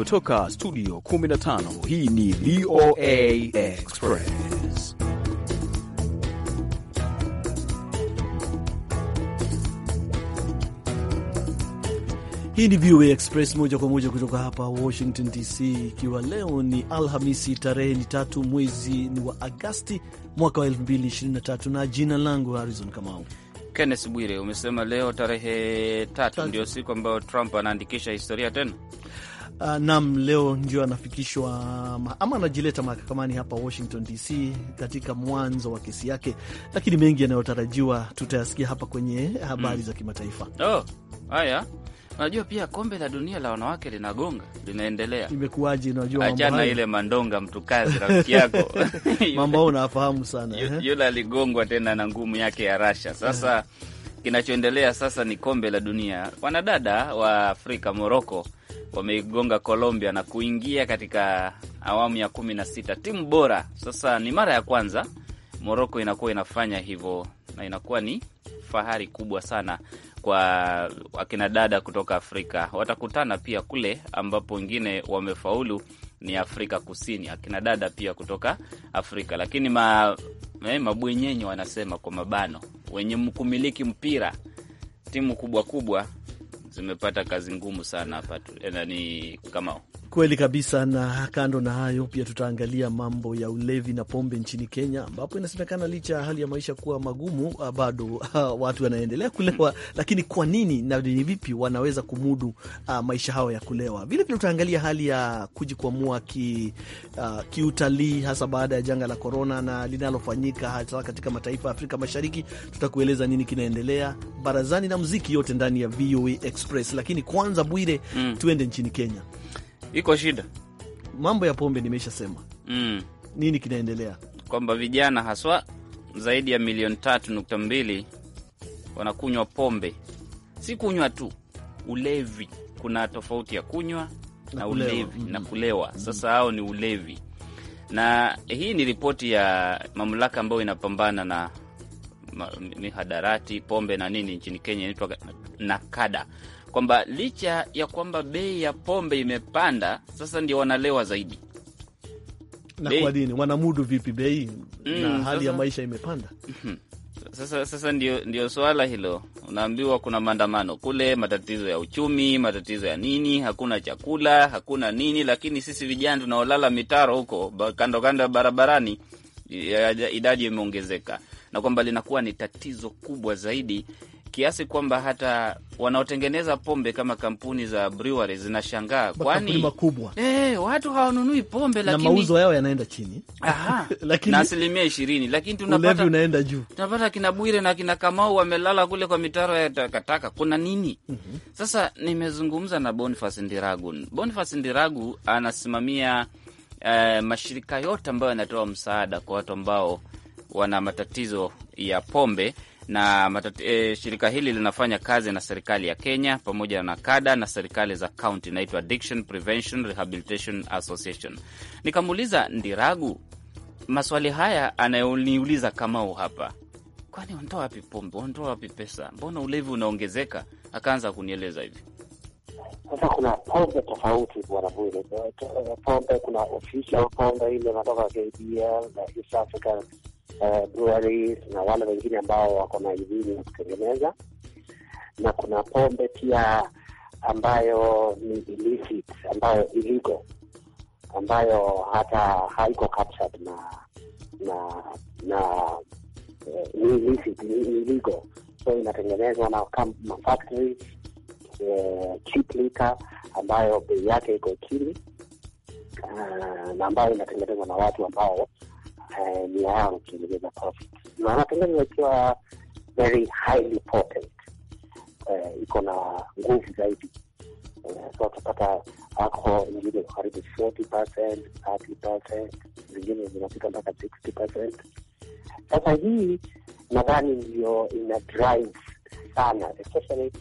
kutoka studio 15 hii ni VOA Express. Hii ni VOA Express moja kwa moja kutoka hapa Washington DC, ikiwa leo ni Alhamisi tarehe ni tatu mwezi ni wa Agasti mwaka wa 2023 na jina langu harizon Kamau. kennes Bwire, umesema leo tarehe tatu ndio siku ambayo Trump anaandikisha historia tena. Uh, ah, nam leo ndio anafikishwa ama anajileta mahakamani hapa Washington DC katika mwanzo wa kesi yake, lakini mengi yanayotarajiwa tutayasikia hapa kwenye habari mm, za kimataifa. Oh, haya Unajua pia kombe la dunia la wanawake linagonga, linaendelea. Imekuwaje? Unajua mambo ile mandonga, mtu kazi rafiki yako mambo ao unafahamu sana. Eh? Yule aligongwa tena na ngumu yake ya Rasha. Sasa eh. kinachoendelea sasa ni kombe la dunia wanadada wa Afrika, Moroko wameigonga Colombia na kuingia katika awamu ya kumi na sita timu bora. Sasa ni mara ya kwanza Moroko inakuwa inafanya hivyo na inakuwa ni fahari kubwa sana kwa akina dada kutoka Afrika. Watakutana pia kule ambapo wengine wamefaulu ni Afrika Kusini, akina dada pia kutoka Afrika, lakini ma, eh, mabwenyenye wanasema kwa mabano, wenye kumiliki mpira, timu kubwa kubwa zimepata kazi ngumu sana hapa eh, nani kama Kweli kabisa. Na kando na hayo, pia tutaangalia mambo ya ulevi na pombe nchini Kenya, ambapo inasemekana licha ya hali ya maisha kuwa magumu, ah, bado ah, watu wanaendelea kulewa. Lakini kwa nini na ni vipi wanaweza kumudu ah, maisha hayo ya kulewa? Vilevile tutaangalia hali ya kujikwamua ki, kiutalii, hasa baada ya janga la korona na linalofanyika hasa katika mataifa ya Afrika Mashariki. Tutakueleza nini kinaendelea barazani na muziki, yote ndani ya VOA e Express. Lakini kwanza, Bwire, mm. tuende nchini Kenya iko shida. Mambo ya pombe nimeshasema. Mm. Nini kinaendelea? Kwamba vijana haswa zaidi ya milioni tatu nukta mbili wanakunywa pombe. Si kunywa tu, ulevi. Kuna tofauti ya kunywa na, na ulevi mm na mm-hmm. kulewa. Mm-hmm. Sasa mm hao ni ulevi, na hii ni ripoti ya mamlaka ambayo inapambana na mihadarati, pombe na nini nchini Kenya, inaitwa NACADA kwamba licha ya kwamba bei ya pombe imepanda, sasa ndio wanalewa zaidi. Na kwa nini? Wanamudu vipi bei mm, na hali ya maisha imepanda? Mhm. Sasa, sasa ndio, ndio swala hilo. Unaambiwa kuna maandamano kule, matatizo ya uchumi, matatizo ya nini, hakuna chakula, hakuna nini, lakini sisi vijana tunaolala mitaro huko kando kando ya barabarani, idadi imeongezeka, na kwamba linakuwa ni tatizo kubwa zaidi kiasi kwamba hata wanaotengeneza pombe kama kampuni za breweries zinashangaa, kwani makubwa eh, watu hawanunui pombe lakini na mauzo yao yanaenda chini aha, lakini na asilimia ishirini, lakini tunapata unaenda juu, tunapata kina Bwire na kina Kamau wamelala kule kwa mitaro ya takataka. Kuna nini? mm -hmm. Sasa nimezungumza na Boniface Ndiragu. Boniface Ndiragu anasimamia eh, mashirika yote ambayo yanatoa msaada kwa watu ambao wana matatizo ya pombe na matati, e, shirika hili linafanya kazi na serikali ya Kenya pamoja na kada na serikali za kaunti. Inaitwa Addiction Prevention Rehabilitation Association. Nikamuuliza Ndiragu maswali haya anayoniuliza Kamau hapa, kwani wanatoa wapi pombe, wanatoa wapi pesa, mbona ulevi unaongezeka? Akaanza kunieleza hivi sasa kuna pombe tofauti, bwana Bwire. Pombe kuna official pombe ile inatoka KBL na East African uh, breweries na wale wengine ambao wako na idhini ya kutengeneza, na kuna pombe pia ambayo ni illicit, ambayo illegal, ambayo hata haiko captured na na na eh, ni illicit, ni illegal, so inatengenezwa na kama factory eh, cheap liquor ambayo bei yake iko chini uh, na ambayo inatengenezwa na watu ambao nia yao kutengeneza profit, na wanatengeneza ikiwa very highly potent, eh, iko na nguvu zaidi. Eh, so utapata alcohol ingine karibu 40%, 30%, zingine zinapita mpaka 60%. Sasa hii nadhani ndio ina drive sana especially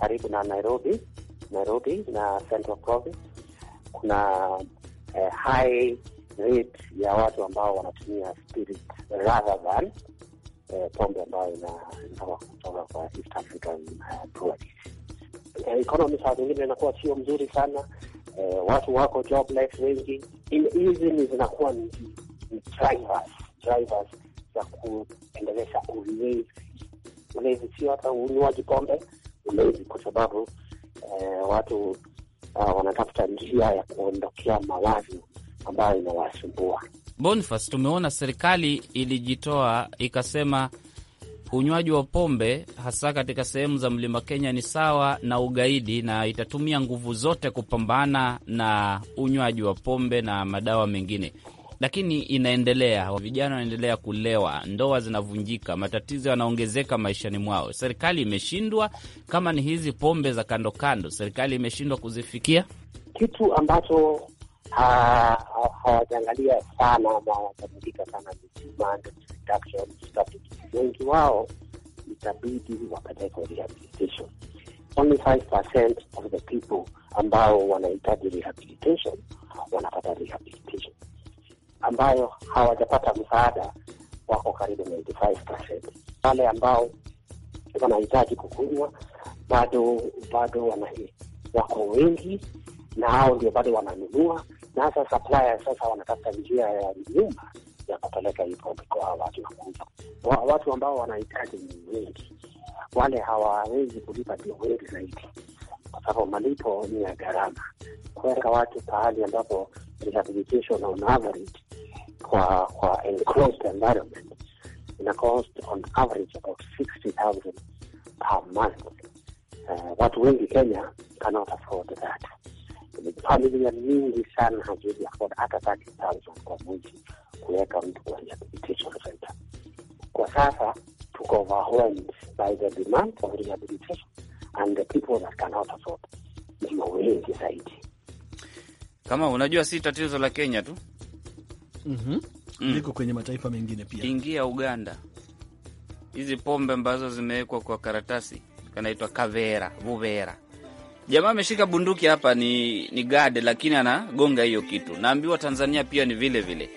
karibu na Nairobi, Nairobi na Central Province kuna eh, high rate ya watu ambao wanatumia spirit rather than eh, pombe ambayo inatoka kutoka kwa East African breweries. Eh, eh, economy saa zingine inakuwa sio mzuri sana eh, watu wako jobless wengi. Hizi ni zinakuwa ni drivers drivers za kuendelesha ulezi. Ulezi sio hata unywaji pombe, ulezi kwa sababu eh, watu uh, wanatafuta njia ya kuondokea mawazo ambayo inawasumbua. Boniface, tumeona serikali ilijitoa ikasema unywaji wa pombe hasa katika sehemu za mlima Kenya ni sawa na ugaidi na itatumia nguvu zote kupambana na unywaji wa pombe na madawa mengine, lakini inaendelea, vijana wanaendelea kulewa, ndoa zinavunjika, matatizo yanaongezeka maishani mwao. Serikali imeshindwa, kama ni hizi pombe za kando kando, serikali imeshindwa kuzifikia, kitu ambacho hawajaangalia sana ama hawajamulika sana wengi wao itabidi wapelekwe rehabilitation. Only 5% of the people ambao wanahitaji rehabilitation wanapata rehabilitation, ambayo hawajapata msaada wako karibu 95%. Wale ambao wanahitaji kukunywa bado bado wanahi wako wengi, na hao ndio bado wananunua na hasa supplier sasa wanatafuta njia ya nyuma ya kupeleka hii pombe kwa watu wakuza, watu ambao wanahitaji ni wengi, wale hawawezi kulipa ndio wengi zaidi, kwa sababu malipo ni ya gharama. Kuweka watu pahali ambapo rehabilitation on average kwa kwa enclosed environment ina cost on average about 60,000 per month. Uh, watu wengi Kenya cannot afford that familia nyingi sana haziwezi afford hata 30,000 kwa mwezi kuweka mtu kwa rehabilitation center. Kwa sasa tuko overwhelmed by the demand for rehabilitation and the people that cannot afford ndio wengi zaidi. Kama unajua si tatizo la Kenya tu mm -hmm. mm. liko kwenye mataifa mengine pia. Ingia Uganda, hizi pombe ambazo zimewekwa kwa karatasi kanaitwa kavera vuvera Jamaa ameshika bunduki hapa, ni ni gade, lakini anagonga hiyo kitu. Naambiwa Tanzania pia ni vile vile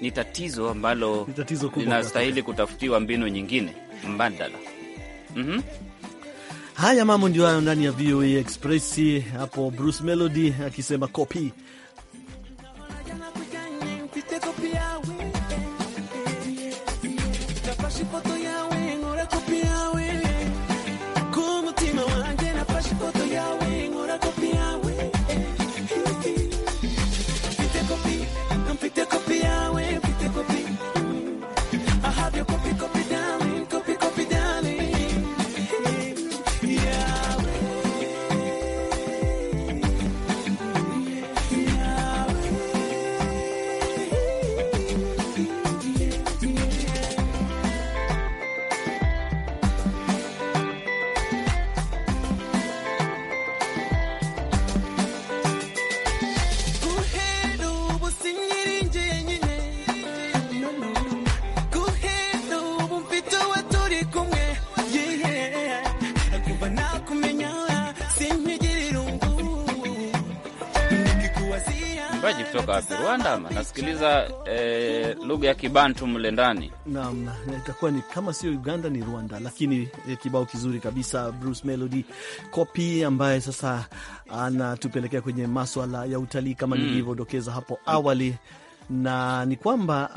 ni tatizo ambalo linastahili kutafutiwa mbinu nyingine mbadala. mm -hmm. Haya mambo ndio hayo ndani ya VOA Express. Hapo Bruce Melody akisema copy waimbaji kutoka wapi? Rwanda ama nasikiliza eh, lugha ya Kibantu mle ndani. Naam, itakuwa ni kama sio Uganda ni Rwanda, lakini eh, kibao kizuri kabisa Bruce Melody copy ambaye sasa anatupelekea kwenye maswala ya utalii kama mm, nilivyodokeza hapo awali, na ni kwamba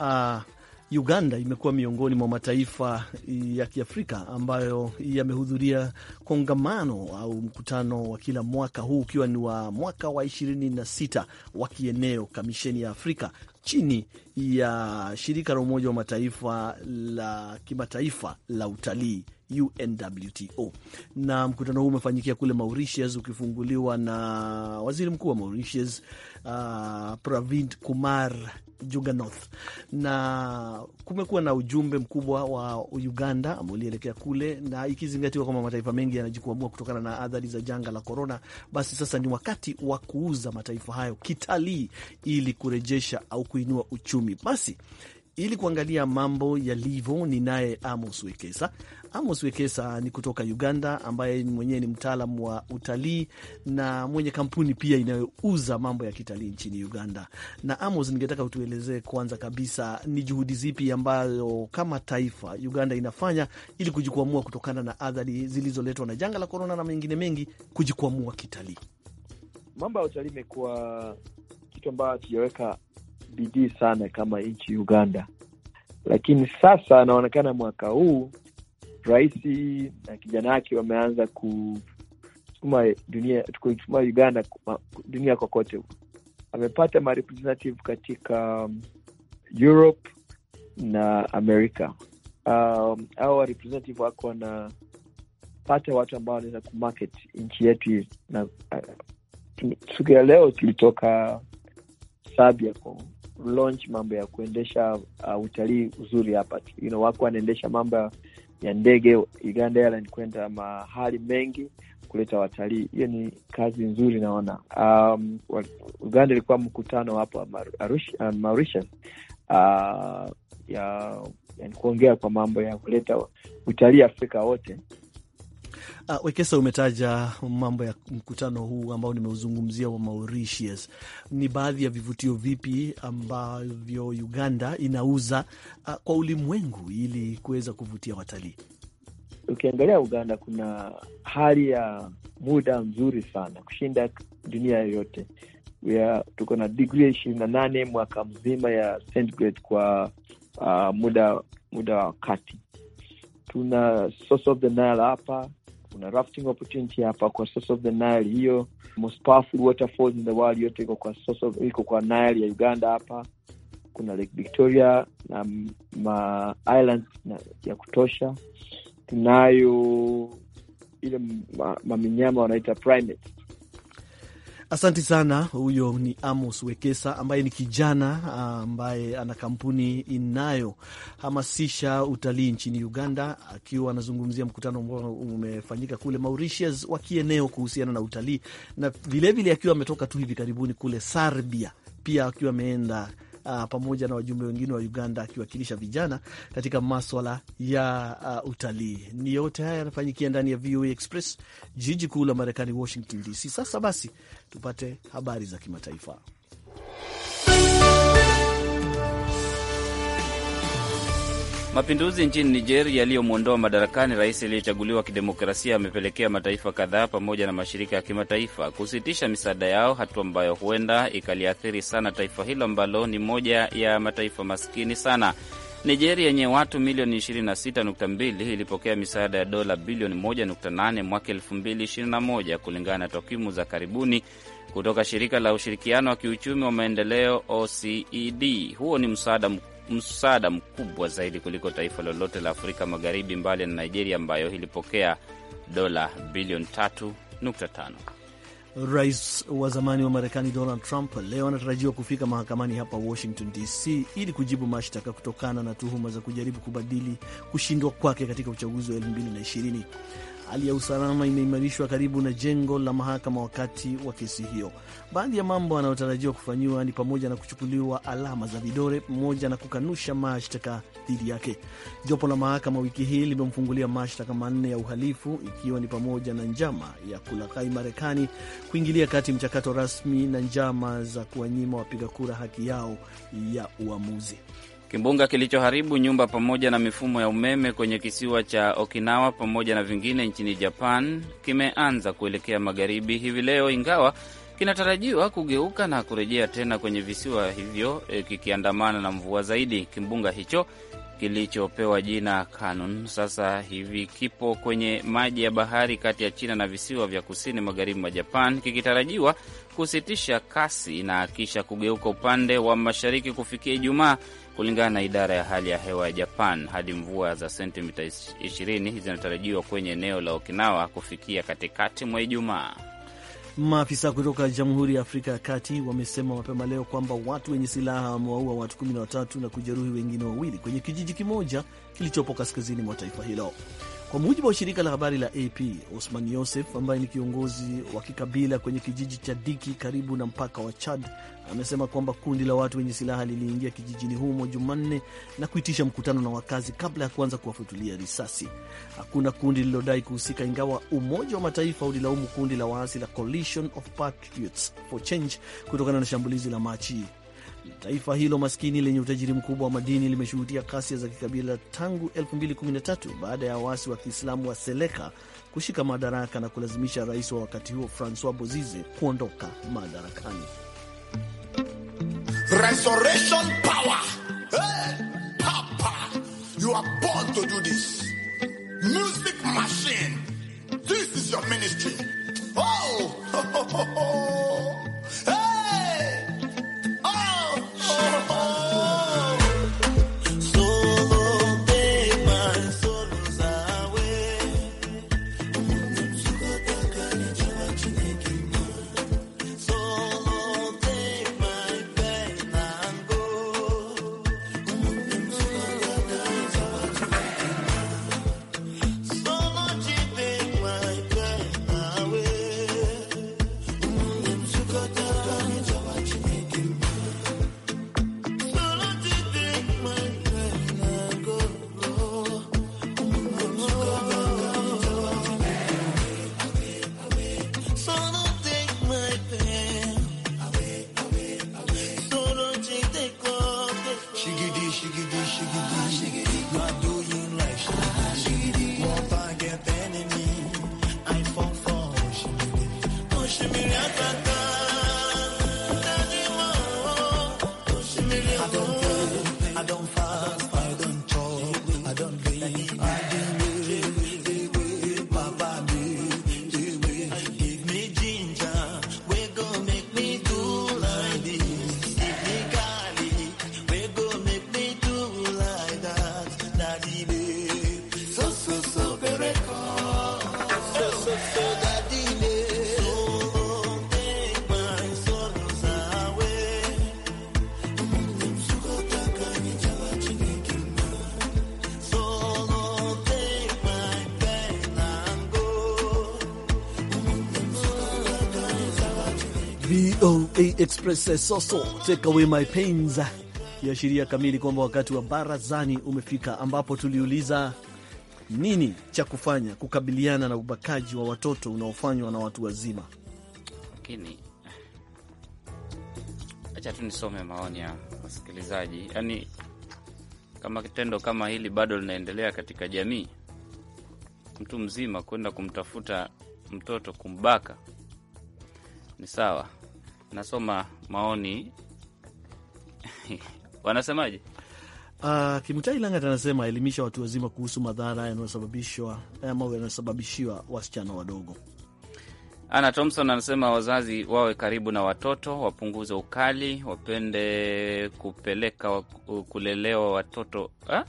uh, Uganda imekuwa miongoni mwa mataifa ya Kiafrika ambayo yamehudhuria kongamano au mkutano wa kila mwaka, huu ukiwa ni wa mwaka wa 26 wa kieneo, Kamisheni ya Afrika chini ya shirika la Umoja wa Mataifa la kimataifa la utalii UNWTO. Na mkutano huu umefanyikia kule Mauritius, ukifunguliwa na waziri mkuu wa Mauritius, uh, Pravind Kumar Juganoth, na kumekuwa na ujumbe mkubwa wa Uganda ambao ulielekea kule, na ikizingatiwa kwamba mataifa mengi yanajikwamua kutokana na adhari za janga la korona, basi sasa ni wakati wa kuuza mataifa hayo kitalii ili kurejesha au kuinua uchumi. Basi ili kuangalia mambo yalivyo, ninaye Amos Wekesa. Amos Wekesa ni kutoka Uganda, ambaye mwenyewe ni mtaalam wa utalii na mwenye kampuni pia inayouza mambo ya kitalii nchini Uganda. Na Amos, ningetaka utuelezee kwanza kabisa ni juhudi zipi ambayo kama taifa Uganda inafanya ili kujikwamua kutokana na athari zilizoletwa na janga la korona na mengine mengi, kujikwamua kitalii. Mambo ya utalii imekuwa kitu ambayo hatujaweka bidii sana kama nchi Uganda, lakini sasa anaonekana mwaka huu rais na kijana wake wameanza kusukuma dunia, kusukuma Uganda dunia kokote. Amepata marepresentative katika um, Europe na amerika Um, au representative wako wanapata watu ambao wanaweza kumarket nchi yetu na uh, siku ya leo tulitoka Serbia launch mambo ya kuendesha uh, utalii uzuri hapa you know, wako wanaendesha mambo ya ndege Uganda Airlines kwenda mahali mengi kuleta watalii. Hiyo ni kazi nzuri naona. Um, Uganda ilikuwa mkutano hapo uh, Mauritius uh, ya, ya kuongea kwa mambo ya kuleta utalii Afrika wote Uh, Wekesa, umetaja mambo ya mkutano huu ambao nimeuzungumzia wa Mauritius. Ni baadhi ya vivutio vipi ambavyo Uganda inauza uh, kwa ulimwengu ili kuweza kuvutia watalii? Ukiangalia Uganda kuna hali ya muda mzuri sana kushinda dunia yoyote. Tuko na digrii ishirini na nane mwaka mzima ya centigrade kwa uh, muda muda wa wakati. Tuna source of the Nile hapa kuna rafting opportunity hapa kwa source of the Nile, hiyo most powerful waterfalls in the world, yote iko kwa source of, iko kwa Nile ya Uganda hapa. Kuna Lake Victoria na ma islands na, ya kutosha. Tunayo ile maminyama ma wanaita primate Asante sana. Huyo ni Amos Wekesa ambaye ni kijana ambaye ana kampuni inayohamasisha utalii nchini Uganda, akiwa anazungumzia mkutano ambao umefanyika kule Mauritius wa kieneo kuhusiana na utalii, na vilevile akiwa ametoka tu hivi karibuni kule Serbia, pia akiwa ameenda uh, pamoja na wajumbe wengine wa Uganda akiwakilisha vijana katika maswala ya uh, utalii. Ni yote haya yanafanyikia ndani ya VOA Express, jiji kuu la Marekani, Washington DC. Sasa basi tupate habari za kimataifa. Mapinduzi nchini Niger yaliyomwondoa madarakani rais aliyechaguliwa kidemokrasia amepelekea mataifa kadhaa pamoja na mashirika ya kimataifa kusitisha misaada yao, hatua ambayo huenda ikaliathiri sana taifa hilo ambalo ni moja ya mataifa maskini sana. nijeri yenye watu milioni 26.2 ilipokea misaada ya dola bilioni 1.8 mwaka 2021 kulingana na takwimu za karibuni kutoka shirika la ushirikiano wa kiuchumi wa maendeleo OCED. Huo ni msaada mkubwa msaada mkubwa zaidi kuliko taifa lolote la Afrika Magharibi, mbali na Nigeria ambayo ilipokea dola bilioni 3.5. Rais wa zamani wa Marekani Donald Trump leo anatarajiwa kufika mahakamani hapa Washington DC ili kujibu mashtaka kutokana na tuhuma za kujaribu kubadili kushindwa kwake katika uchaguzi wa 2020. Hali ya usalama imeimarishwa karibu na jengo la mahakama wakati wa kesi hiyo. Baadhi ya mambo yanayotarajiwa kufanyiwa ni pamoja na kuchukuliwa alama za vidole pamoja na kukanusha mashtaka dhidi yake. Jopo la mahakama wiki hii limemfungulia mashtaka manne ya uhalifu, ikiwa ni pamoja na njama ya kulaghai Marekani, kuingilia kati mchakato rasmi na njama za kuwanyima wapiga kura haki yao ya uamuzi. Kimbunga kilichoharibu nyumba pamoja na mifumo ya umeme kwenye kisiwa cha Okinawa pamoja na vingine nchini Japan kimeanza kuelekea magharibi hivi leo, ingawa kinatarajiwa kugeuka na kurejea tena kwenye visiwa hivyo e, kikiandamana na mvua zaidi. Kimbunga hicho kilichopewa jina Kanun sasa hivi kipo kwenye maji ya bahari kati ya China na visiwa vya kusini magharibi mwa Japan kikitarajiwa kusitisha kasi na kisha kugeuka upande wa mashariki kufikia Ijumaa, kulingana na idara ya hali ya hewa ya Japan. Hadi mvua za sentimita 20 zinatarajiwa kwenye eneo la Okinawa kufikia katikati mwa Ijumaa. Maafisa kutoka Jamhuri ya Afrika ya Kati wamesema mapema leo kwamba watu wenye silaha wamewaua watu 13 na kujeruhi wengine wawili kwenye kijiji kimoja kilichopo kaskazini mwa taifa hilo. Kwa mujibu wa shirika la habari la AP, Osman Yosef ambaye ni kiongozi wa kikabila kwenye kijiji cha Diki karibu na mpaka wa Chad amesema kwamba kundi la watu wenye silaha liliingia kijijini humo Jumanne na kuitisha mkutano na wakazi kabla ya kuanza kuwafutulia risasi. Hakuna kundi lililodai kuhusika, ingawa Umoja wa Mataifa ulilaumu kundi la waasi la Coalition of Patriots for Change kutokana na shambulizi la Machi Taifa hilo maskini lenye utajiri mkubwa wa madini limeshuhudia ghasia za kikabila tangu 2013 baada ya waasi wa Kiislamu wa Seleka kushika madaraka na kulazimisha rais wa wakati huo Francois Bozize kuondoka madarakani. Restoration power. Hey, papa. You are born to do this. Music machine. This is your ministry. Oh. VOA Express soso take away my pains ya kamili kwamba wakati wa barazani umefika, ambapo tuliuliza nini cha kufanya kukabiliana na ubakaji wa watoto unaofanywa na watu wazima. Lakini acha tu nisome maoni ya wasikilizaji, yaani kama kitendo kama hili bado linaendelea katika jamii, mtu mzima kwenda kumtafuta mtoto kumbaka ni sawa nasoma maoni wanasemaje? Uh, Kimutai Langat anasema elimisha watu wazima kuhusu madhara yanayosababishwa eh, ama yanayosababishiwa wasichana wadogo. Ana Thompson anasema wazazi wawe karibu na watoto, wapunguze ukali, wapende kupeleka kulelewa watoto ha? Eh,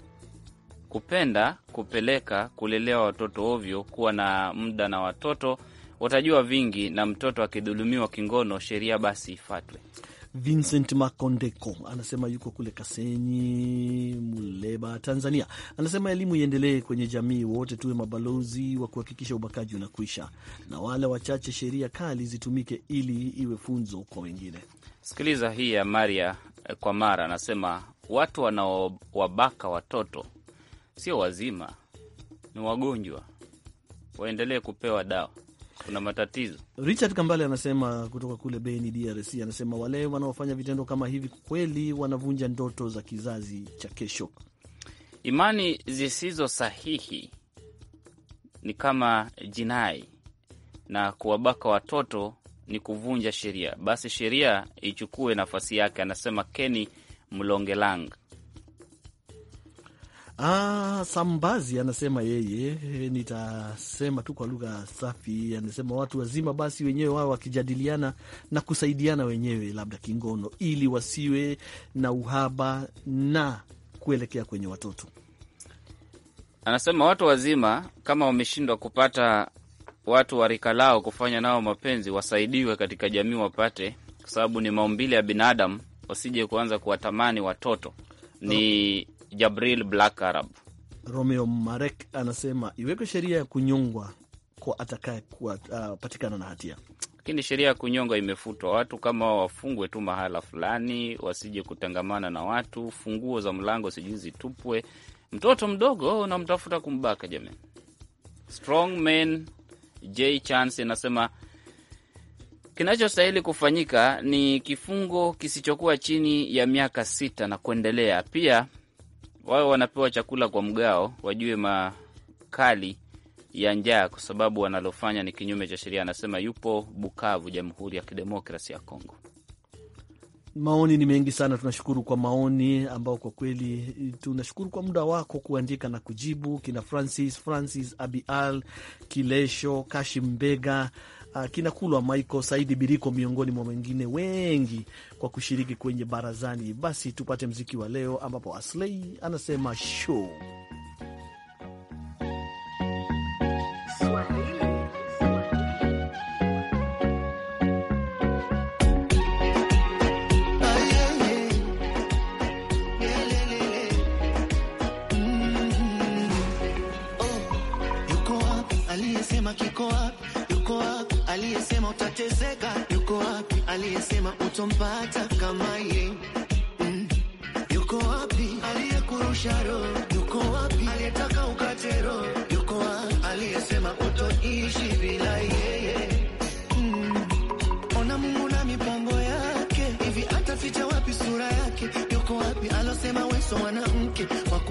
kupenda kupeleka kulelewa watoto ovyo, kuwa na muda na watoto watajua vingi, na mtoto akidhulumiwa kingono sheria basi ifuatwe. Vincent Makondeko anasema yuko kule Kasenyi, Muleba, Tanzania. Anasema elimu iendelee kwenye jamii, wote tuwe mabalozi wa kuhakikisha ubakaji unakuisha, na wale wachache sheria kali zitumike ili iwe funzo kwa wengine. Sikiliza hii ya Maria kwa Mara, anasema watu wanaowabaka watoto sio wazima, ni wagonjwa, waendelee kupewa dawa kuna matatizo. Richard Kambale anasema kutoka kule Beni, DRC, anasema wale wanaofanya vitendo kama hivi kweli wanavunja ndoto za kizazi cha kesho. Imani zisizo sahihi ni kama jinai na kuwabaka watoto ni kuvunja sheria, basi sheria ichukue nafasi yake, anasema Keni Mlongelang. Ah, Sambazi anasema yeye, eh, nitasema tu kwa lugha safi, anasema watu wazima basi wenyewe wao wakijadiliana na kusaidiana wenyewe, labda kingono, ili wasiwe na uhaba na kuelekea kwenye watoto. Anasema watu wazima kama wameshindwa kupata watu wa rika lao kufanya nao mapenzi, wasaidiwe katika jamii wapate, kwa sababu ni maumbile ya binadamu, wasije kuanza kuwatamani watoto ni Jabril Black Arab. Romeo Marek anasema iwekwe sheria ya kunyongwa kwa atakaye kupatikana uh, na hatia. Lakini sheria ya kunyongwa imefutwa. Watu kama hao wafungwe tu mahala fulani, wasije kutangamana na watu. Funguo za mlango sijui zitupwe. Mtoto mdogo unamtafuta kumbaka, jamani. Strongman J Chance anasema kinachostahili kufanyika ni kifungo kisichokuwa chini ya miaka sita na kuendelea. Pia wao wanapewa chakula kwa mgao, wajue makali ya njaa, kwa sababu wanalofanya ni kinyume cha sheria. Anasema yupo Bukavu, Jamhuri ya Kidemokrasi ya Kongo. Maoni ni mengi sana, tunashukuru kwa maoni ambao kwa kweli tunashukuru kwa muda wako kuandika na kujibu, kina Francis Francis Abial Kilesho Kashi Mbega uh, ah, Kinakulwa Maiko Saidi Biriko miongoni mwa wengine wengi kwa kushiriki kwenye barazani. Basi tupate mziki wa leo ambapo Aslei anasema show Swahili.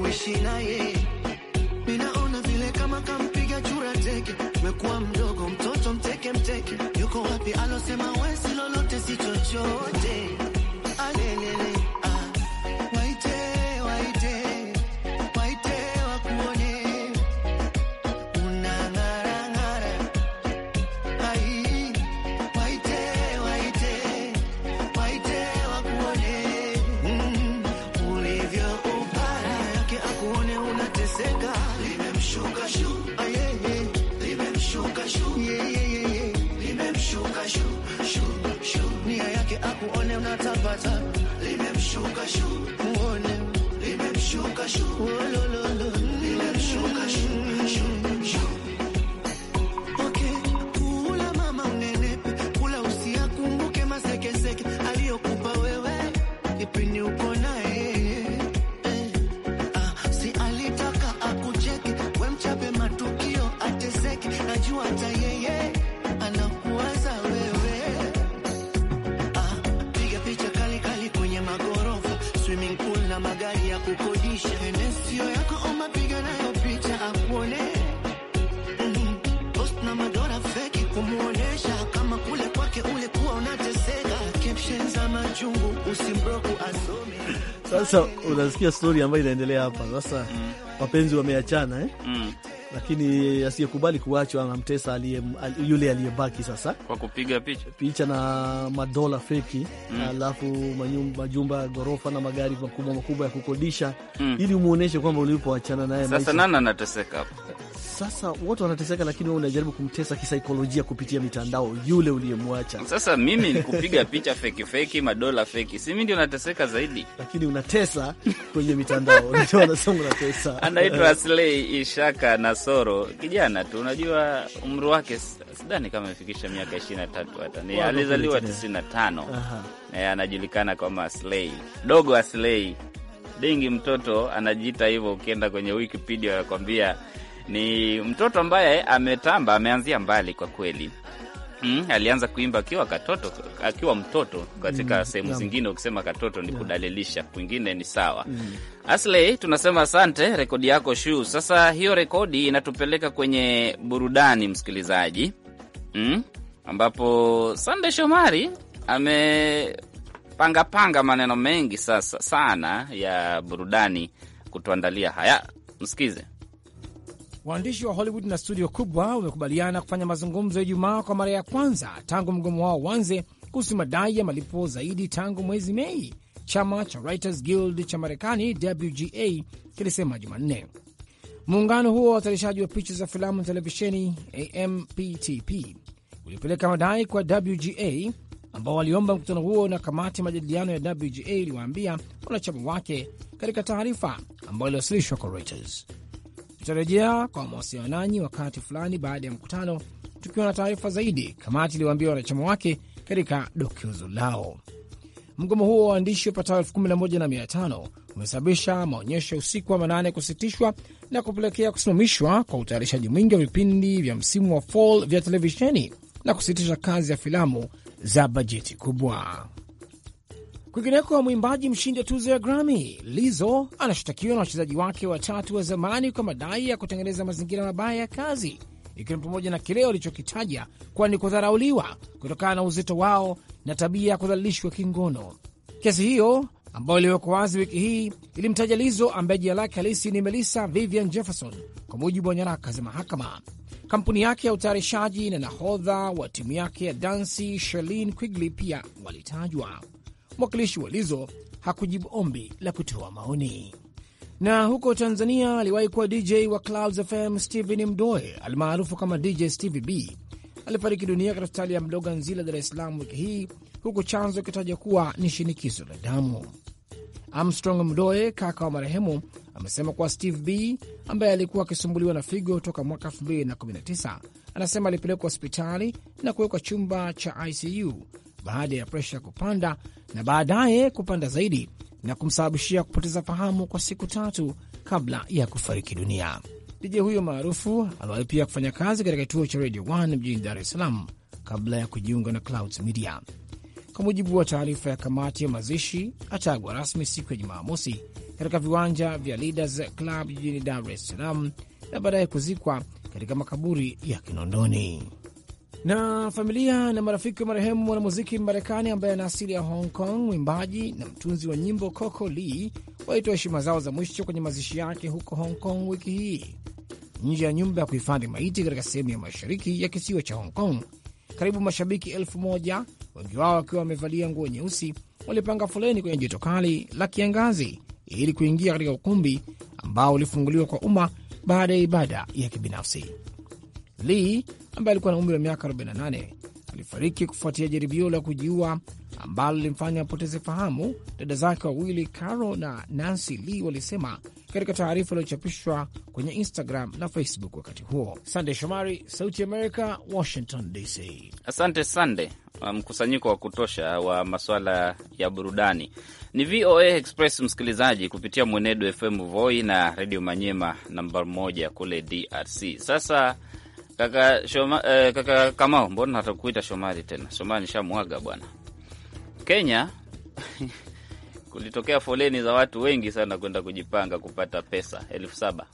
kuishi naye, ninaona vile kama kampiga chura teke. mekuwa mdogo mtoto mteke mteke, yuko wapi alosema wesi lolote si chochote alelele linatabasamu limemshuka shu, uone limemshuka shu Sasa unasikia stori ambayo inaendelea hapa sasa. mm. wapenzi wameachana eh? mm. Lakini asiyekubali kuachwa anamtesa alie, yule aliyebaki sasa kwa kupiga picha picha na madola feki mm. alafu majumba ya ghorofa na magari makubwa makubwa ya kukodisha mm. ili umwonyeshe kwamba ulipoachana naye. Sasa nani anateseka sasa watu wanateseka, lakini wewe unajaribu kumtesa kisaikolojia kupitia mitandao yule uliyemwacha. Sasa mimi kupiga picha feki feki, madola feki, si mimi ndio nateseka zaidi, lakini unatesa kwenye mitandao ndio wanasema unatesa. Anaitwa Slei Ishaka Nasoro, kijana tu, unajua umri wake sidhani kama amefikisha miaka ishirini na tatu hata ni alizaliwa tisini na tano. Eh, anajulikana kama Slei dogo, Aslei Dingi mtoto anajiita hivyo. Ukienda kwenye Wikipedia wakwambia ni mtoto ambaye ametamba, ameanzia mbali kwa kweli. Mm, alianza kuimba akiwa katoto, akiwa mtoto katika mm, sehemu yeah, zingine ukisema katoto ni kudalilisha, kwingine ni sawa mm. Asley, tunasema asante, rekodi yako shu. Sasa hiyo rekodi inatupeleka kwenye burudani msikilizaji, mm, ambapo Sande Shomari amepangapanga maneno mengi sasa sana ya burudani kutuandalia. Haya, msikize. Waandishi wa Hollywood na studio kubwa wamekubaliana kufanya mazungumzo ya Ijumaa kwa mara ya kwanza tangu mgomo wao uanze kuhusu madai ya malipo zaidi tangu mwezi Mei. Chama cha Writers Guild cha Marekani, WGA, kilisema Jumanne. Muungano huo wa wazalishaji wa picha za filamu na televisheni, AMPTP, ulipeleka madai kwa WGA ambao waliomba mkutano huo, na kamati majadiliano ya WGA iliwaambia wanachama wake katika taarifa ambayo iliwasilishwa kwa Reuters tutarejea kwa mawasiliano nanyi wakati fulani baada ya mkutano, tukiwa na taarifa zaidi, kamati iliwaambia wanachama wake katika dokezo lao. Mgomo huo wa waandishi wapatao elfu kumi na moja na mia tano umesababisha maonyesho ya usiku wa manane kusitishwa na kupelekea kusimamishwa kwa utayarishaji mwingi wa vipindi vya msimu wa fall vya televisheni na kusitisha kazi ya filamu za bajeti kubwa. Kwingineko, mwimbaji mshindi wa tuzo ya Grammy Lizzo anashtakiwa na wachezaji wake watatu wa zamani kwa madai ya kutengeneza mazingira mabaya ya kazi, ikiwa ni pamoja na kile walichokitaja kuwa ni kudharauliwa kutokana na uzito wao na tabia ya kudhalilishwa kingono. Kesi hiyo ambayo iliwekwa wazi wiki hii ilimtaja Lizo ambaye jina lake halisi ni Melissa Vivian Jefferson, kwa mujibu wa nyaraka za mahakama. Kampuni yake ya utayarishaji na nahodha wa timu yake ya dansi sherlin Quigley pia walitajwa mwakilishi wa Lizo hakujibu ombi la kutoa maoni. Na huko Tanzania, aliwahi kuwa DJ wa Clouds FM Stephen Mdoe almaarufu kama DJ Stevie B alifariki dunia katika hospitali ya Mloganzila, Dar es Salaam wiki hii, huku chanzo ikitaja kuwa ni shinikizo la damu. Armstrong Mdoe, kaka wa marehemu, amesema kuwa Steve B ambaye alikuwa akisumbuliwa na figo toka mwaka 2019 anasema alipelekwa hospitali na kuwekwa chumba cha ICU baada ya presha kupanda na baadaye kupanda zaidi na kumsababishia kupoteza fahamu kwa siku tatu kabla ya kufariki dunia. DJ huyo maarufu aliwahi pia kufanya kazi katika kituo cha Radio 1 mjini Dar es Salaam kabla ya kujiunga na Clouds Media. Kwa mujibu wa taarifa ya kamati ya mazishi, atagwa rasmi siku ya Jumamosi katika viwanja vya Leaders Club jijini Dar es Salaam na baadaye kuzikwa katika makaburi ya Kinondoni. Na familia na marafiki wa marehemu mwanamuziki Marekani ambaye ana asili ya Hong Kong, mwimbaji na mtunzi wa nyimbo Coco Lee walitoa heshima zao za mwisho kwenye mazishi yake huko Hong Kong wiki hii nje ya nyumba ya kuhifadhi maiti katika sehemu ya mashariki ya kisiwa cha Hong Kong. Karibu mashabiki elfu moja, wengi wao wakiwa wamevalia nguo nyeusi, walipanga foleni kwenye joto kali la kiangazi ili kuingia katika ukumbi ambao ulifunguliwa kwa umma baada ya ibada ya kibinafsi. Lee ambaye alikuwa na umri wa miaka 48 alifariki kufuatia jaribio la kujiua ambalo lilimfanya apoteze fahamu, dada zake wawili Caro na Nancy Lee walisema katika taarifa iliyochapishwa kwenye Instagram na Facebook wakati huo. Sande Shomari, Sauti America, Washington DC. Asante Sande. Uh, mkusanyiko wa kutosha wa maswala ya burudani ni VOA Express msikilizaji, kupitia Mwenedu FM Voi na Redio Manyema namba moja kule DRC. Sasa Kaka Shoma, eh, kaka Kamao, mbona hatakuita Shomari tena? Shomari shamwaga bwana. Kenya kulitokea foleni za watu wengi sana kwenda kujipanga kupata pesa elfu saba.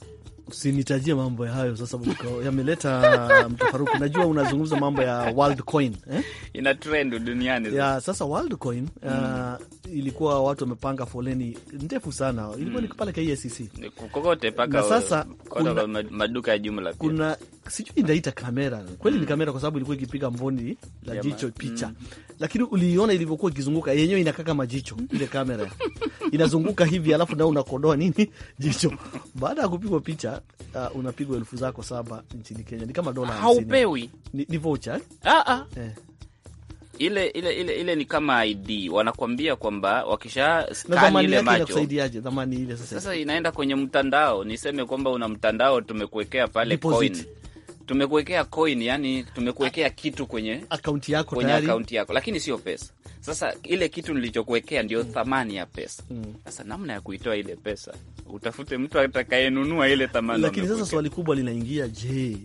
Usinitajie mambo ya hayo sasa, yameleta mtafaruku. Najua unazungumza mambo ya Worldcoin eh? ina trend duniani ya, sasa Worldcoin mm. Uh, ilikuwa watu wamepanga foleni ndefu sana, ilikuwa mm. E ni pale KICC kokote na sasa, kuna maduka ya jumla, kuna sijui inaita kamera kweli, ni kamera kwa sababu ilikuwa ikipiga mboni la jicho picha, mm. lakini uliiona ilivyokuwa ikizunguka yenyewe, inakaa kama jicho. Ile kamera inazunguka hivi, alafu nao unakodoa nini jicho. Baada ya kupigwa picha, uh, unapigwa elfu zako saba nchini Kenya, ni kama dola haupewi, ni, ni vocha ah, ah. eh. Ile, ile ile ile ni kama ID wanakuambia kwamba wakisha scan ile macho ile sasa. Sasa inaenda kwenye mtandao, niseme kwamba una mtandao tumekuwekea pale Deposit. coin tumekuwekea coin, yani tumekuwekea kitu kwenye akaunti yako, kwenye akaunti yako, lakini sio pesa. Sasa ile kitu nilichokuwekea ndio mm. thamani ya pesa mm. Sasa namna ya kuitoa ile pesa, utafute mtu atakayenunua ile thamani. Lakini sasa swali kubwa linaingia, je,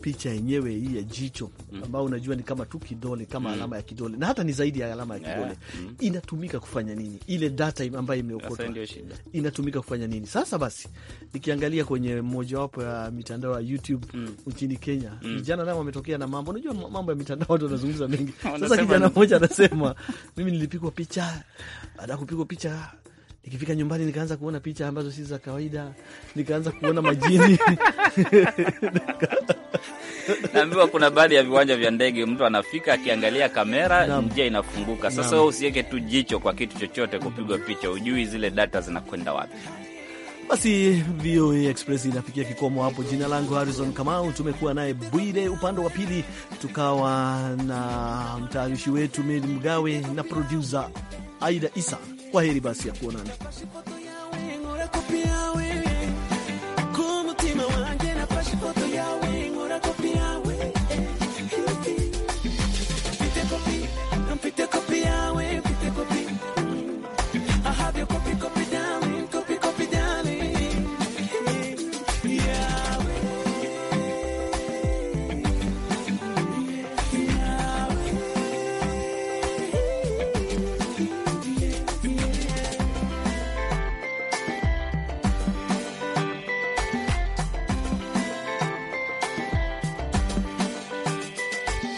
picha yenyewe hii ya jicho mm. ambayo unajua ni kama tu kidole kama mm. alama ya kidole na hata ni zaidi ya alama ya kidole yeah. mm. inatumika kufanya nini? Ile data ambayo imeokotwa inatumika kufanya nini? Sasa basi, nikiangalia kwenye mmojawapo ya mitandao ya YouTube mm. nchini Kenya mm. vijana nao wametokea na mambo, unajua mambo ya mitandao watu wanazungumza mengi. Sasa kijana mmoja anasema mimi nilipigwa picha, baada ya kupigwa picha Nikifika nyumbani nikaanza kuona picha ambazo si za kawaida, nikaanza kuona majini naambiwa kuna baadhi ya viwanja vya ndege mtu anafika akiangalia kamera njia inafunguka sasa. we usiweke tu jicho kwa kitu chochote kupigwa picha, ujui zile data zinakwenda wapi. Basi VOA Express inafikia kikomo hapo. Jina langu Harrison Kamau, tumekuwa naye Bwire upande wa pili, tukawa na mtayarishi wetu Meli Mgawe na produsa Aida Isa. Kwa heri basi ya kuonana.